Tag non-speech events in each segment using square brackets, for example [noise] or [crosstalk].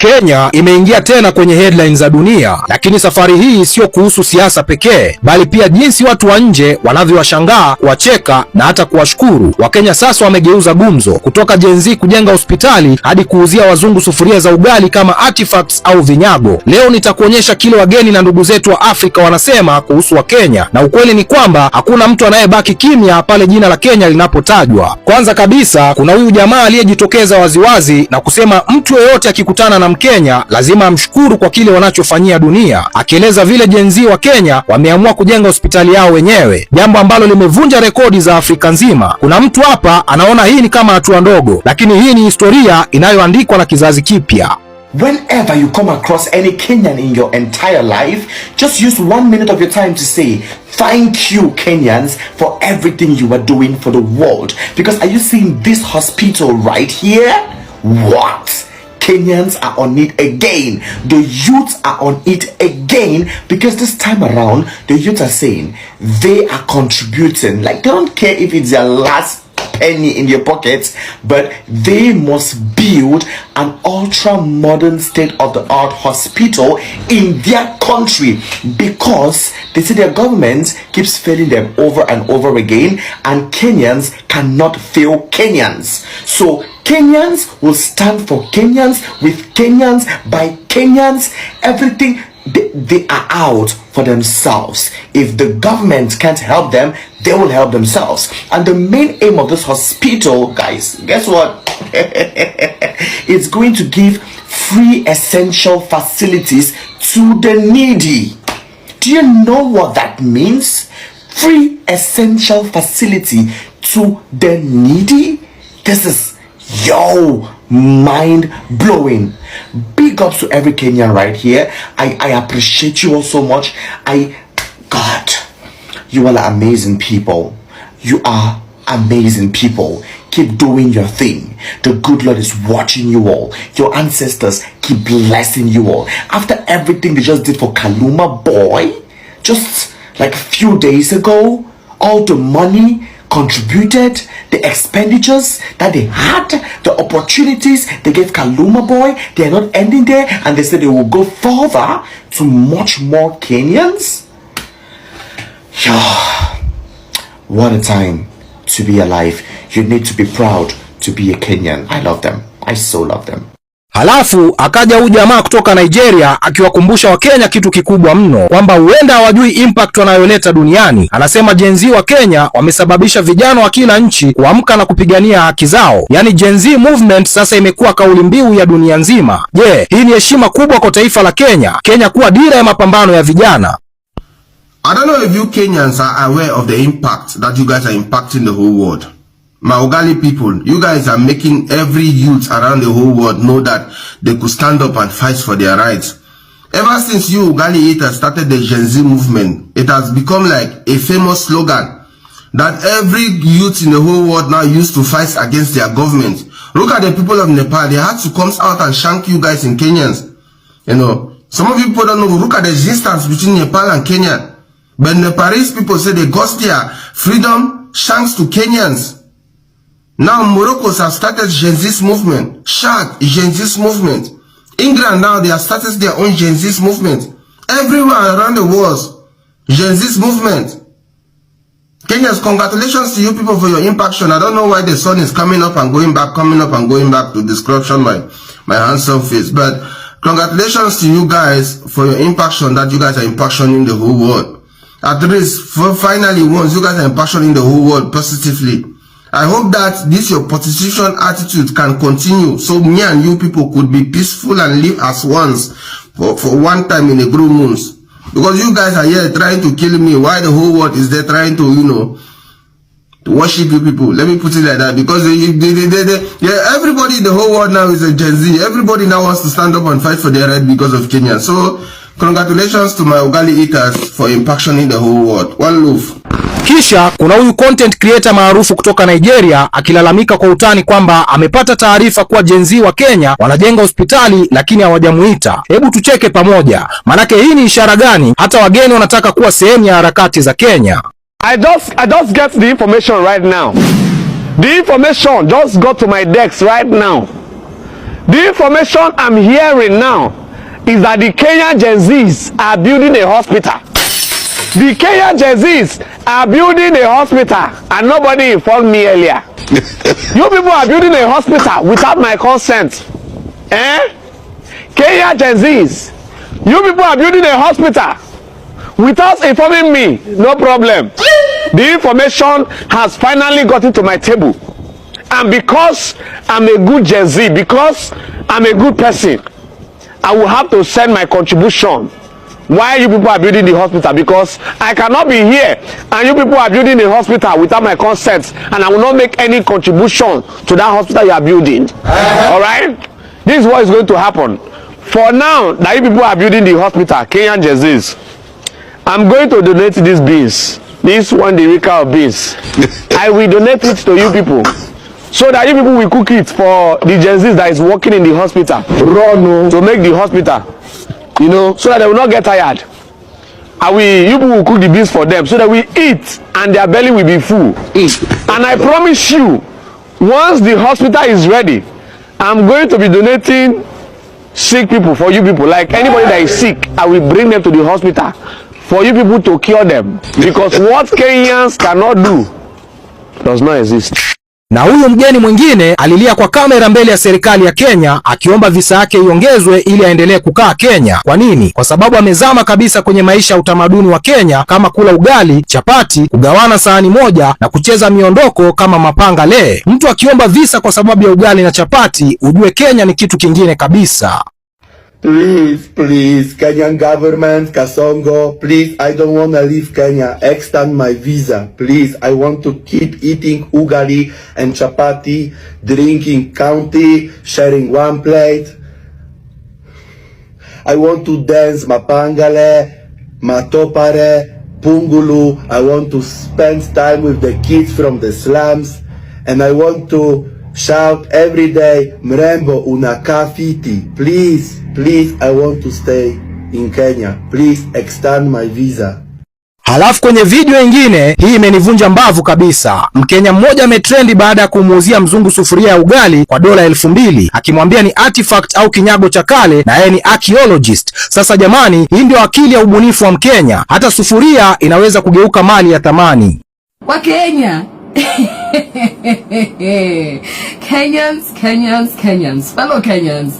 Kenya imeingia tena kwenye headlines za dunia, lakini safari hii sio kuhusu siasa pekee, bali pia jinsi watu wa nje wanavyowashangaa, kuwacheka na hata kuwashukuru. Wakenya sasa wamegeuza gumzo kutoka Gen Z kujenga hospitali hadi kuuzia wazungu sufuria za ugali kama artifacts au vinyago. Leo nitakuonyesha kile wageni na ndugu zetu wa Afrika wanasema kuhusu Wakenya, na ukweli ni kwamba hakuna mtu anayebaki kimya pale jina la Kenya linapotajwa. Kwanza kabisa, kuna huyu jamaa aliyejitokeza waziwazi na kusema mtu yeyote akikutana na Mkenya lazima amshukuru kwa kile wanachofanyia dunia, akieleza vile jenzi wa Kenya wameamua kujenga hospitali yao wenyewe, jambo ambalo limevunja rekodi za Afrika nzima. Kuna mtu hapa anaona hii ni kama hatua ndogo, lakini hii ni historia inayoandikwa na kizazi kipya. Whenever you come across any Kenyan in your entire life, just use one minute of your time to say, thank you Kenyans for everything you are doing for the world. Because are you seeing this hospital right here? What? Kenyans are on it again. The youths are on it again because this time around, the youths are saying they are contributing. Like, they don't care if it's their last penny in your pockets, but they must build an ultra modern state of the art hospital in their country because they say their government keeps failing them over and over again, and Kenyans cannot fail Kenyans. So Kenyans will stand for Kenyans with Kenyans by Kenyans. Everything they, they are out for themselves. If the government can't help them, they will help themselves. And the main aim of this hospital, guys, guess what? [laughs] it's going to give free essential facilities to the needy. Do you know what that means? Free essential facility to the needy? This is Yo, mind blowing. Big ups to every Kenyan right here. I, I appreciate you all so much. I, God, you all are amazing people. You are amazing people. Keep doing your thing. The good Lord is watching you all. Your ancestors keep blessing you all. After everything they just did for Kaluma Boy, just like a few days ago, all the money contributed, the expenditures that they had, the opportunities they gave Kaluma Boy. They are not ending there, and they said they will go further to much more Kenyans. Yeah, what a time to be alive. You need to be proud to be a Kenyan. I love them. I so love them. Halafu akaja huyu jamaa kutoka Nigeria akiwakumbusha Wakenya kitu kikubwa mno, kwamba huenda hawajui impact wanayoleta duniani. Anasema Gen Z wa Kenya wamesababisha vijana wa kila nchi kuamka na kupigania haki zao, yaani Gen Z movement sasa imekuwa kauli mbiu ya dunia nzima. Je, yeah, hii ni heshima kubwa kwa taifa la Kenya, Kenya kuwa dira ya mapambano ya vijana. I don't know if you Kenyans are aware of the impact that you guys are impacting the whole world. my people, you guys are making every youth around the whole world know that they could stand up and fight for their rights. Ever since you Ugali haters started the Gen Z movement, it has become like a famous slogan that every youth in the whole world now used to fight against their government. Look at the people of Nepal, they had to come out and shank you guys in Kenyans. You know, some of you people don't know, look at the distance between Nepal and Kenya. But Nepalese people say they got their freedom shanks to Kenyans. Now Morocco have started Gen Z movement. Chad, Gen Z movement. England now, they have started their own Gen Z movement. Everywhere around the world, Gen Z movement. Kenyans, congratulations to you people for your impaction. I don't know why the sun is coming up and going back, coming up and going back to description my, my handsome face. But congratulations to you guys for your impaction that you guys are impactioning the whole world. At least, for finally once, you guys are impactioning the whole world positively. I hope that this your politician attitude can continue so me and you people could be peaceful and live as ones for, for one time in a blue moons. Because you guys are here trying to kill me. Why the whole world is there trying to, you know, to worship you people? Let me put it like that. Because they, they, they, they, they, yeah, everybody in the whole world now is a Gen Z. Everybody now wants to stand up and fight for their right because of Kenya. So Congratulations to my ugali eaters for impactioning the whole world. One love. Kisha kuna huyu content creator maarufu kutoka Nigeria akilalamika kwa utani kwamba amepata taarifa kuwa jenzi wa Kenya wanajenga hospitali lakini hawajamuita. Hebu tucheke pamoja, manake hii ni ishara gani? Hata wageni wanataka kuwa sehemu ya harakati za Kenya. I just, I just get the information right now. The information just got to my desk right now. The information I'm hearing now is that the Kenyan Gen are building a hospital. The Kenyan Gen are building a hospital and nobody informed me earlier. [laughs] you people are building a hospital without my consent. Eh? Kenya Gen you people are building a hospital without informing me. No problem. The information has finally gotten to my table. And because I'm a good Gen Z, because I'm a good person, I will have to send my contribution why you people are building the hospital because I cannot be here and you people are building the hospital without my consent and I will not make any contribution to that hospital you are building. Uh-huh. All right? This is what is going to happen. For now that you people are building the hospital, Kenyan disease, I'm going to donate these beans, this one, the of beans. [laughs] I will donate it to you people. so that you people will cook it for the Gen Z that is working in the hospital. Run o. To make the hospital, you know, so that they will not get tired. And we, you people will cook the beans for them so that we eat and their belly will be full. Eat. And I promise you, once the hospital is ready, I'm going to be donating sick people for you people. Like anybody that is sick, I will bring them to the hospital for you people to cure them. Because what Kenyans cannot do does not exist. Na huyu mgeni mwingine alilia kwa kamera mbele ya serikali ya Kenya akiomba visa yake iongezwe ili aendelee kukaa Kenya. Kwa nini? Kwa sababu amezama kabisa kwenye maisha ya utamaduni wa Kenya kama kula ugali, chapati, kugawana sahani moja na kucheza miondoko kama mapanga le. Mtu akiomba visa kwa sababu ya ugali na chapati, ujue Kenya ni kitu kingine kabisa. Please, please, Kenyan government, Kasongo, please, I don't want to leave Kenya. Extend my visa, please. I want to keep eating ugali and chapati, drinking county, sharing one plate. I want to dance mapangale, matopare, pungulu. I want to spend time with the kids from the slums. And I want to shout every day mrembo unakafiti please please i want to stay in Kenya please extend my visa Halafu kwenye video nyingine hii imenivunja mbavu kabisa. Mkenya mmoja ametrendi baada ya kumuuzia mzungu sufuria ya ugali kwa dola elfu mbili akimwambia ni artifact au kinyago cha kale na yeye ni archaeologist. Sasa jamani, hii ndio akili ya ubunifu wa Mkenya. Hata sufuria inaweza kugeuka mali ya thamani. Wakenya [laughs] Kenyans, Kenyans, Kenyans, fellow Kenyans.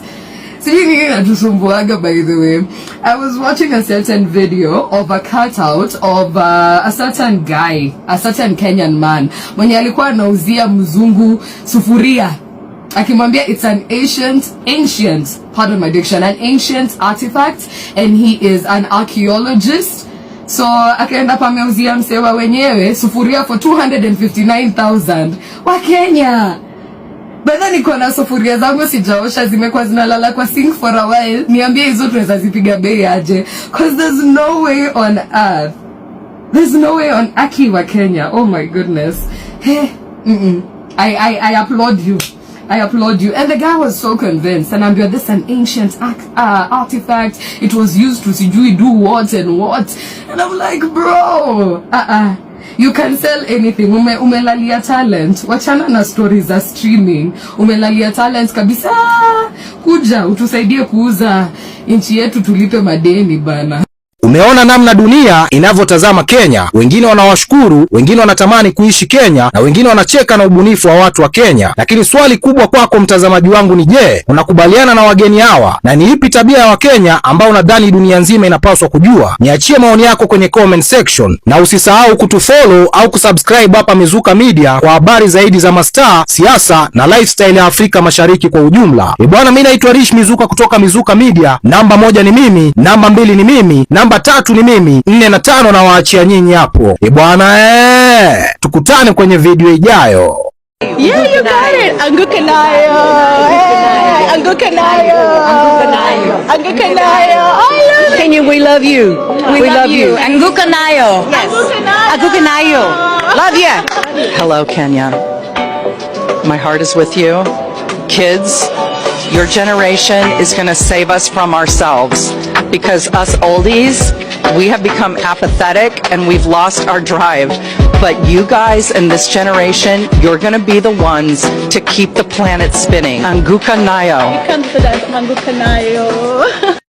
Sijui nini natusumbuaga by the way. I was watching a certain video of a cutout of uh, a certain guy, a certain Kenyan man. Mwenye alikuwa anauzia mzungu sufuria. Akimwambia it's an ancient, ancient, pardon my diction, an ancient artifact and he is an archaeologist So akaenda pameuzia msewa wenyewe sufuria for 259,000 wa Kenya. Bado niko na sufuria zangu sijaosha, zimekuwa zinalala kwa sink for a while. Niambie hizo tunaweza zipiga bei aje? Cause there's no way on earth. There's no way on aki wa Kenya. Oh my goodness. Hey, mm -mm. I, I, I applaud you. I applaud you. And the guy was so convinced. And I'm like, this is an ancient uh, artifact. It was used to sijui do what and what. And I'm like, bro, uh -uh. You can sell anything. Ume, umelalia talent. Wachana na stories are streaming. Umelalia talent kabisa. Kuja utusaidie kuuza Inchi yetu tulipe madeni bana. Umeona namna dunia inavyotazama Kenya. Wengine wanawashukuru, wengine wanatamani kuishi Kenya, na wengine wanacheka na ubunifu wa watu wa Kenya. Lakini swali kubwa kwako mtazamaji wangu ni je, unakubaliana na wageni hawa, na ni ipi tabia ya Wakenya ambao nadhani dunia nzima inapaswa kujua? Niachie maoni yako kwenye comment section, na usisahau kutufollow au kusubscribe hapa Mizuka Media kwa habari zaidi za mastaa, siasa na lifestyle ya Afrika Mashariki kwa ujumla. E bwana, mimi naitwa Rish Mizuka kutoka Mizuka Media. Namba moja ni mimi, namba mbili ni mimi, namba tatu ni mimi, nne na tano nawaachia nyinyi hapo. E bwana ee, tukutane kwenye video ijayo. My heart is with you. Kids, your generation is going to save us from ourselves. because us oldies, we have become apathetic and we've lost our drive. But you guys in this generation, you're going to be the ones to keep the planet spinning. Anguka Nayo. [laughs]